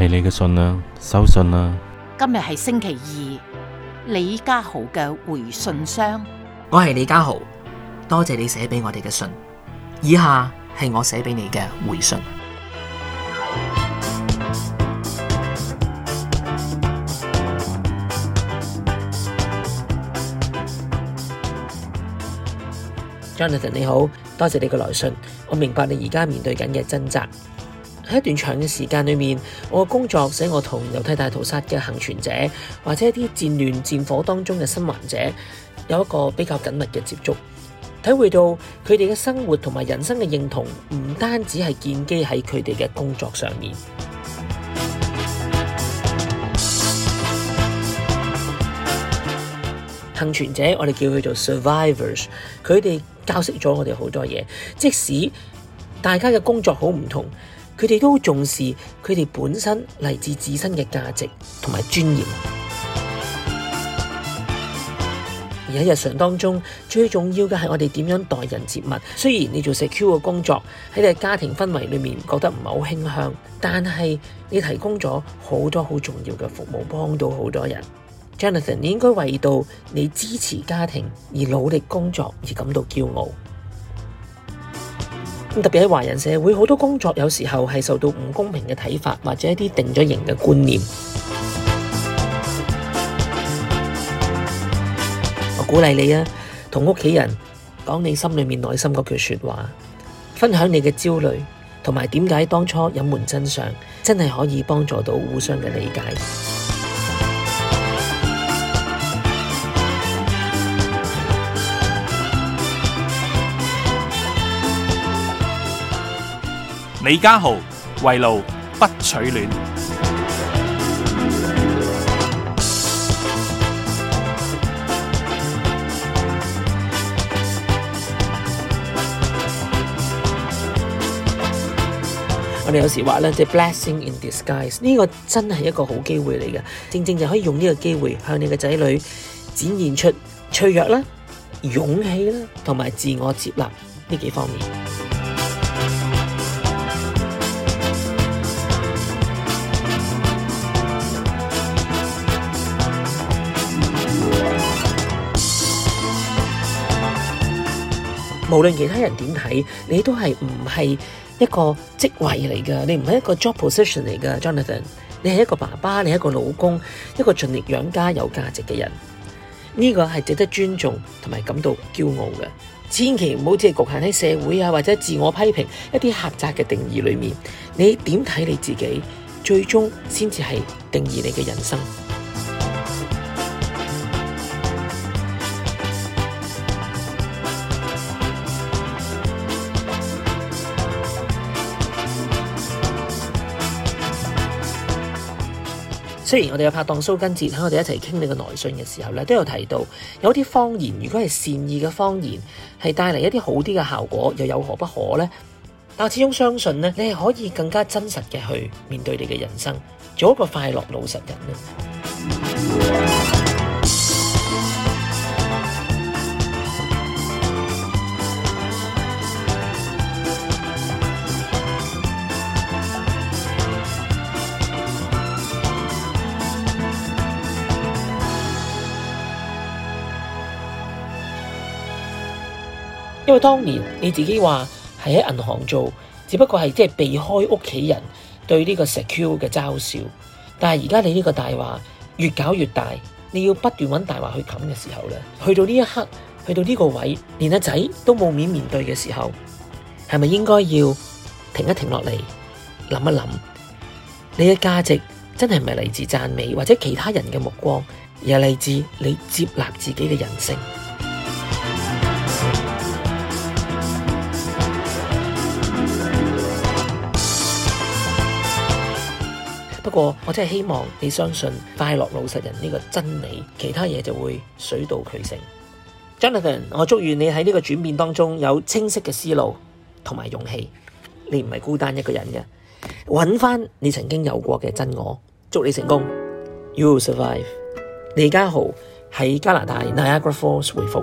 係你嘅信啦，收信啦。今日係星期二，李家豪嘅回信箱。我係李家豪，多謝你寫俾我哋嘅信。以下係我寫俾你嘅回信。Jonathan，你好，多謝你嘅來信，我明白你而家面對緊嘅掙扎。喺一段長嘅時間裏面，我嘅工作使我同猶太大屠殺嘅幸存者，或者一啲戰亂戰火當中嘅幸存者有一個比較緊密嘅接觸，體會到佢哋嘅生活同埋人生嘅認同，唔單止係建基喺佢哋嘅工作上面。幸存 者，我哋叫佢做 survivors，佢哋教識咗我哋好多嘢，即使大家嘅工作好唔同。佢哋都重視佢哋本身嚟自自身嘅價值同埋尊嚴。而喺日常當中，最重要嘅係我哋點樣待人接物。雖然你做四 Q 嘅工作，喺你嘅家庭氛圍裏面覺得唔好傾向，但係你提供咗好多好重要嘅服務，幫到好多人。Jonathan，你應該為到你支持家庭而努力工作而感到驕傲。特別喺華人社會，好多工作有時候係受到唔公平嘅睇法，或者一啲定咗型嘅觀念。我鼓勵你啊，同屋企人講你心裏面內心嗰句説話，分享你嘅焦慮，同埋點解當初隱瞞真相，真係可以幫助到互相嘅理解。李家豪為路不取暖，我哋有時話咧，即係 blessing in disguise，呢個真係一個好機會嚟嘅，正正就可以用呢個機會向你嘅仔女展現出脆弱啦、勇氣啦，同埋自我接納呢幾方面。無論其他人點睇，你都係唔係一個職位嚟噶，你唔係一個 job position 嚟噶，Jonathan，你係一個爸爸，你係一個老公，一個盡力養家有價值嘅人，呢個係值得尊重同埋感到驕傲嘅。千祈唔好只係局限喺社會啊，或者自我批評一啲狹窄嘅定義裏面，你點睇你自己，最終先至係定義你嘅人生。雖然我哋嘅拍檔蘇根哲喺我哋一齊傾你嘅來信嘅時候咧，都有提到有啲謊言，如果係善意嘅謊言，係帶嚟一啲好啲嘅效果，又有何不可呢？但我始終相信咧，你係可以更加真實嘅去面對你嘅人生，做一個快樂、老實人啊！因為當年你自己話係喺銀行做，只不過係即係避開屋企人對呢個 secure 嘅嘲笑。但係而家你呢個大話越搞越大，你要不斷揾大話去冚嘅時候咧，去到呢一刻，去到呢個位，連阿仔都冇面面對嘅時候，係咪應該要停一停落嚟諗一諗？你嘅價值真係唔係嚟自讚美或者其他人嘅目光，而係嚟自你接納自己嘅人性。不過我真係希望你相信快樂老實人呢個真理，其他嘢就會水到渠成。Jonathan，我祝願你喺呢個轉變當中有清晰嘅思路同埋勇氣，你唔係孤單一個人嘅，揾翻你曾經有過嘅真我，祝你成功。You will survive。李家豪喺加拿大 Niagara Falls 回覆。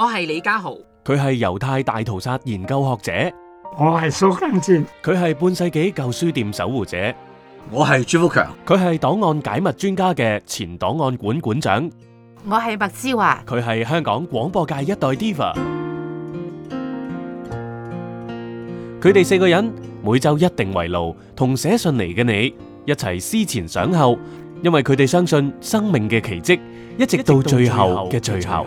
我係李家豪，佢係猶太大屠殺研究學者。我係蘇根堅，佢係半世紀舊書店守護者。我係朱福強，佢係檔案解密專家嘅前檔案館館長。我係麥之華，佢係香港廣播界一代 Diva。佢哋四個人每周一定圍爐同寫信嚟嘅你一齊思前想後，因為佢哋相信生命嘅奇蹟，一直到最後嘅最後。